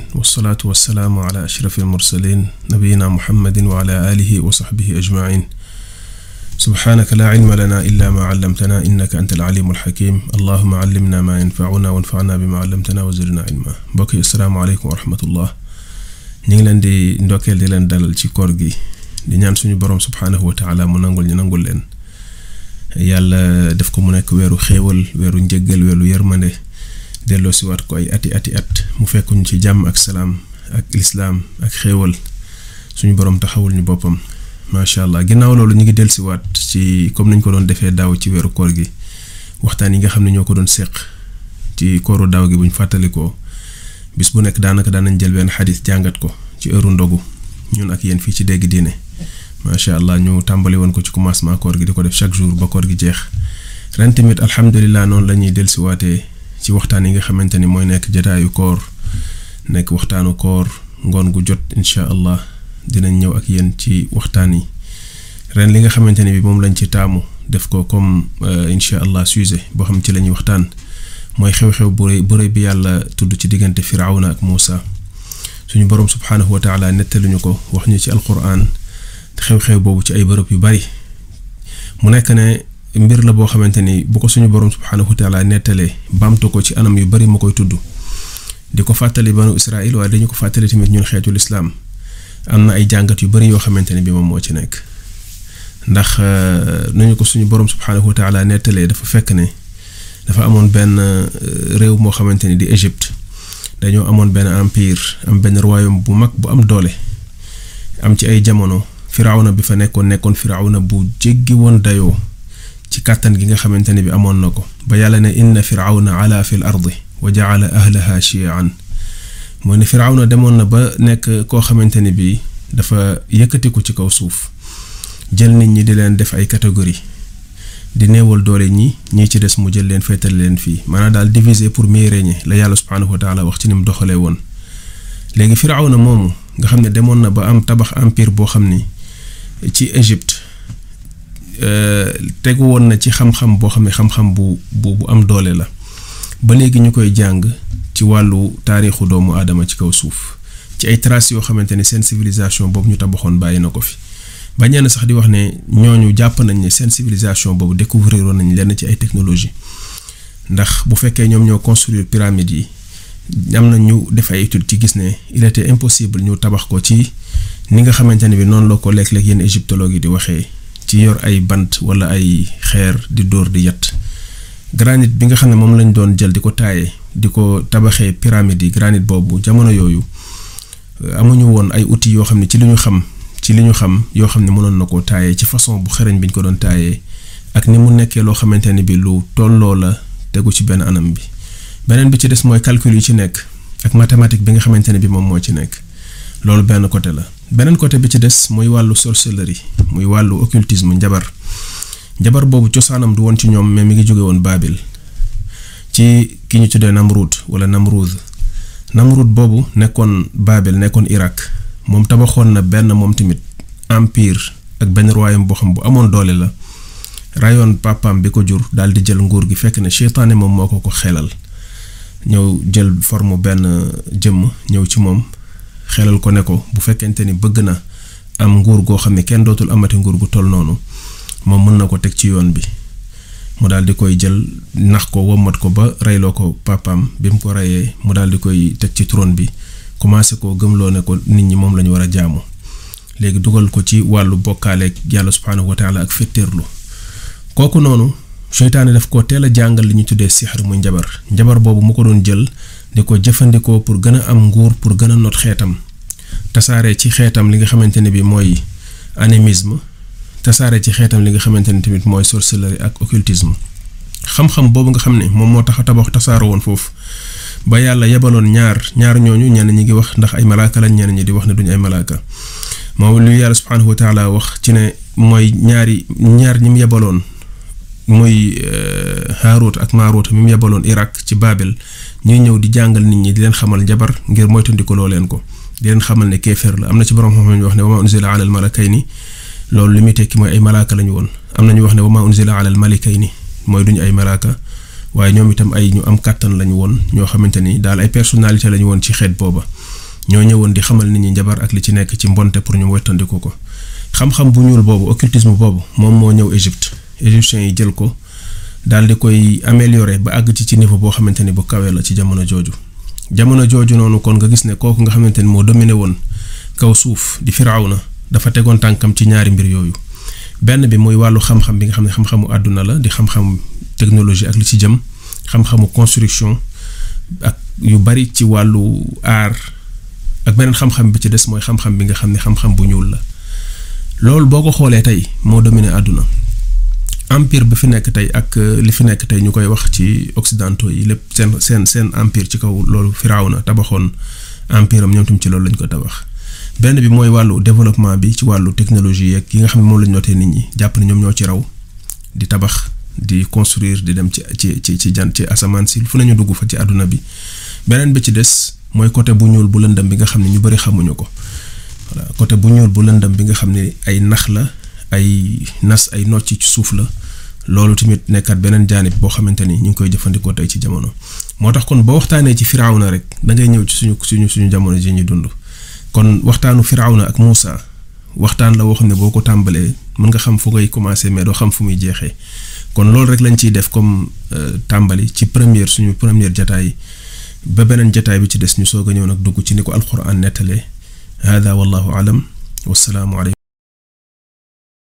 ajmain wasalaatu wasalaamu ala ashrafi almursalin nabiyina muhammadin wa ala alihi wa saxbihi ajmain subhaanaka laa cilma lana illa maa callamtana innaka anta alcalimu alxakim allahuma callimna maa yanfacuna wanfacna bimaa callamtana wa zidna cilma mbokk yi asalaamu aleykum wa rahmatullah ñu ngi leen di ndokkeel di leen dalal ci koor gi di ñaan suñu boroom subhaanahu wa taala mu nangul ñu nangul leen yàlla def ko mu nekk weeru xéewal weeru njëggal weeru yërmande delloo siwaat ko ay ati ati at mu fekkuñu ci jàmm ak salaam ak lislaam ak xéewal suñu borom taxawul ñu boppam macha allah ginnaaw loolu ñu ngi dellu siwaat ci comme nañ ko doon defee daaw ci weeru koor gi waxtaan yi nga xam ne ñoo ko doon séq ci kooru daaw gi buñ fàttalikoo bis bu nekk daanaka daan nañ jël benn xadis jàngat ko ci heure ndogu ñun ak yéen fii ci dégg diine macha allah ñu tàmbali woon ko ci commencement koor gi di ko def chaque jour ba koor gi jeex ren tamit alhamdulilah noonu lañuy ñuy dellusiwaatee ci waxtaan yi nga xamante ni mooy nekk jataayu koor nekk waxtaanu koor ngoon gu jot incha allah dinañ ñëw ak yéen ci waxtaan yi ren li nga xamante ni bi moom lañ ci taamu def ko comme euh, incha allah sujet boo xam ci lañuy waxtaan mooy xew-xew bu rëy bi yàlla tudd ci diggante firawna ak Muusa suñu borom subhaanahu wa taala nettaluñu ko wax ñu ci alquran xew-xew boobu ci ay bërëb yu bari mu nekk ne mbir la boo xamante ni bu ko suñu borom subhaanahu wa taala nettalee baamtu ko ci anam yu bari ma koy tudd di ko fàttali banu Israël waaye dañu ko fàttali tamit ñun xeetu lislaam am na ay jàngat yu bari yoo xamante ne bi moom moo ci nekk ndax euh, nu ñu ko suñu borom subhaanahu wa nettalee dafa fekk ne dafa amoon benn euh, réew moo xamante ni di Égypte dañoo amoon benn empire am benn royaume bu mag bu am doole am ci ay jamono firawna bi fa nekkoon nekkoon firawna bu jéggi woon dayoo. ci kàttan gi nga xamante ne bi amoon na ko ba yàlla ne inna firawna ala fi l ardi wa jaala ahlaha chiaan moo ne firawna demoon na ba nekk koo xamante ne bi dafa yëkkatiku ci kaw suuf jël nit ñi di leen def ay catégorie di neewal doole ñi ñii ci des mu jël leen féetal leen fii maanaam daal diviser pour mieux régner la yàlla subhaanahu wa taala wax ci ni mu doxalee woon léegi firawna moomu nga xam ne demoon na ba am tabax empire boo xam ni ci Égypte Euh, tegu woon na ci xam-xam boo xam ne xam-xam bu bu bu am doole la ba léegi ñu koy jàng ci wàllu taarixu doomu aadama ci kaw suuf ci ay traces yoo xamante ne seen civilisation boobu ñu tabaxoon bàyyi na ko fi bañee na sax di wax ne ñoo ñu jàpp nañ ne seen boobu découvrir nañu lenn ci ay technologie ndax bu fekkee ñoom ñoo construire pyramide yi am na ñu def ay études ci gis ne il était impossible ñu tabax ko ci ni nga xamante ne bi noonu la ko lekk léeg yenn égyptologue di waxee ci yor ay bant wala ay xeer di dóor di yat granit bi nga xam ne moom lañu doon jël di ko taaye di ko tabaxee pyramide yi granit boobu jamono yooyu euh, amuñu woon ay outils yoo xam ne ci li ñu xam ci li ñu xam yoo xam ne mënoon na ko taayee ci façon bu xereñ bi ñu ko doon taaye ak ni mu nekkee loo xamante ne bi lu tolloo la tegu ci benn anam bi beneen bi ci des mooy calcul yi ci nekk ak mathématique bi nga xamante ne bi moom moo ci nekk loolu benn côté la beneen côté bi ci des muy wàllu sorcellerie muy wàllu occultisme njabar njabar boobu cosaanam du woon ci ñoom mais mi ngi jóge woon Baabil ci ki ñu tuddee Namrud wala Namrud Namrud boobu nekkoon Baabil nekkoon Irak moom tabaxoon na benn moom tamit empire ak benn royaume boo xam bu amoon doole la rayoon papaam bi ko jur daal di jël nguur gi fekk ne seytaane moom moo ko ko xelal ñëw jël forme benn jëmm ñëw ci moom. xelal ko ne ko bu fekkente ni bëgg na am nguur goo xam ne kenn dootul amati nguur gu toll noonu moom mën na ko teg ci yoon bi mu daal di koy jël nax ko wommat ko ba reyloo ko papaam bi mu ko reyee mu daal di koy teg ci trône bi commencé koo gëmloo ne ko nit ñi moom la ñu war a jaamu léegi dugal ko ci wàllu bokkaaleeg yàlla subhaanahu wa taala ak fetteerlu kooku noonu seytaane daf ko teel a jàngal li ñu tuddee si muy njabar njabar boobu mu ko doon jël di ko jëfandikoo pour gën a am nguur pour gën a not xeetam tasaare ci xeetam li nga xamante ne bi mooy animisme tasaare ci xeetam li nga xamante ne tamit mooy sorcellerie ak occultisme xam-xam boobu nga xam ne moom moo tax a tabax tasaaro woon foofu ba yàlla yebaloon ñaar ñaar ñooñu ñenn ñi ngi wax ndax ay malaaka lañ ñenn ñi di wax ne duñu ay malaaka moom lu yàlla subhaanahu wa taala wax ci ne mooy ñaari ñaar ñi mu yebaloon muy euh, Haarut ak Maarut mi mu yebaloon Irak ci Babel ñuy ñëw di jàngal nit ñi di leen xamal njabar ngir moytandiku loo leen ko di leen xamal ne kéeféer la am na ci borom xam-xam ñu wax ne wa ma unzila ala al malakayni loolu li muy tekki mooy ay malaaka lañu woon am na ñu wax ne wa ma unzila ala al malikayni mooy duñu ay malaaka waaye ñoom itam ay ñu am kàttan lañu woon ñoo xamante ni daal ay personnalité lañu woon ci xeet booba ñoo ñëwoon di xamal nit ñi njabar ak li ci nekk ci mbonte pour ñu wettandiku ko xam-xam bu ñuul boobu occultisme boobu moom moo ñëw Égypte égyptiens yi jël ko daal di koy améliorer ba àgg ci ci niveau boo xamante ni bu kawe la ci jamono jooju jamono jooju noonu kon nga gis ne kooku nga xamante ni moo dominé woon kaw suuf di na dafa tegoon tànkam ci ñaari mbir yooyu benn bi mooy wàllu xam-xam bi nga xam ne xam àdduna la di xam-xam lu ci jëm xam-xamu yu bari ci wàllu aar ak beneen xam-xam ci des mooy xam bi nga xam ne xam bu ñuul la loolu boo ko xoolee tey moo dominé àdduna empire bi fi nekk tey ak euh, li fi nekk tey ñu koy wax ci occidentaux yi lépp seen seen seen empire ci kaw loolu Firawna tabaxoon empire ñoom tam ci loolu lañ ko tabax benn bi mooy wàllu développement bi ci wàllu technologie yeeg yi nga xam ne moom lañ notee nit ñi jàpp ne ñoom ci raw di tabax di construire di dem ci ci ci ci jan ci si fu nañu dugg fa ci àdduna bi beneen bi ci des mooy côté bu ñuul bu lëndëm bi nga xam ne ñu bëri xamuñu ko voilà côté bu ñuul bu lëndëm bi nga xam ne ay nax la ay nas ay nocc ci suuf la loolu tamit nekkaat beneen jaanib boo xamante ni ñu ngi koy jëfandikoo tey ci jamono moo tax kon boo waxtaanee ci firawna rek da ngay ñëw ci suñu suñu suñu jamono ji ñu dund kon waxtaanu firawna ak Moussa waxtaan la woo xam boo ko tàmbalee mën nga xam fu ngay commencé mais doo xam fu muy jeexee kon loolu rek lañ ciy def comme euh, tàmbali ci première suñu première jataay ba beneen jataay bi ci des ñu soog a ñëw nag dugg ci ni ko alquran nettalee hada wallahu alam wassalaamu aleykum